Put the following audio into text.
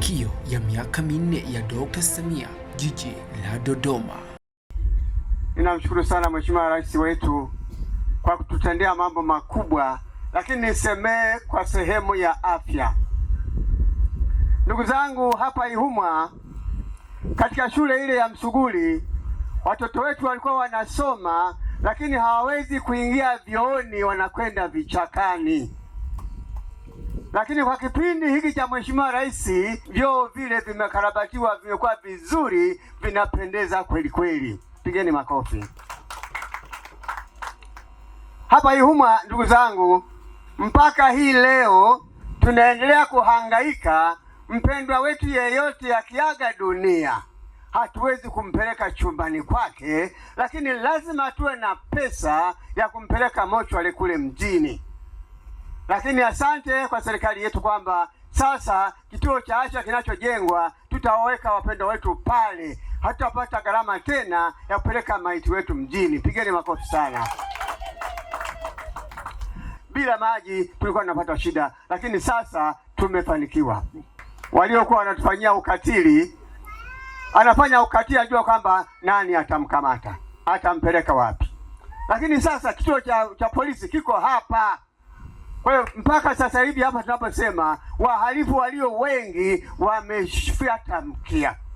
Mafanikio ya miaka minne ya Dr. Samia jiji la Dodoma. Ninamshukuru sana Mheshimiwa Rais wetu kwa kututendea mambo makubwa, lakini nisemee kwa sehemu ya afya. Ndugu zangu, hapa Ihumwa katika shule ile ya Msuguli watoto wetu walikuwa wanasoma, lakini hawawezi kuingia vyooni, wanakwenda vichakani lakini kwa kipindi hiki cha Mheshimiwa Rais vyoo vile vimekarabatiwa, vimekuwa vizuri, vinapendeza kweli kweli. Pigeni makofi. Hapa Ihumwa, ndugu zangu, mpaka hii leo tunaendelea kuhangaika. Mpendwa wetu yeyote akiaga dunia, hatuwezi kumpeleka chumbani kwake, lakini lazima tuwe na pesa ya kumpeleka mochwali kule mjini. Lakini asante kwa serikali yetu kwamba sasa kituo cha afya kinachojengwa tutaweka wapendwa wetu pale, hatutapata gharama tena ya kupeleka maiti wetu mjini. Pigeni makofi sana. Bila maji tulikuwa tunapata shida, lakini sasa tumefanikiwa. Waliokuwa wanatufanyia ukatili, anafanya ukatili, ajua kwamba nani atamkamata, atampeleka wapi. Lakini sasa kituo cha, cha polisi kiko hapa. Kwa hiyo mpaka sasa hivi hapa tunaposema wahalifu walio wengi wamefyata mkia.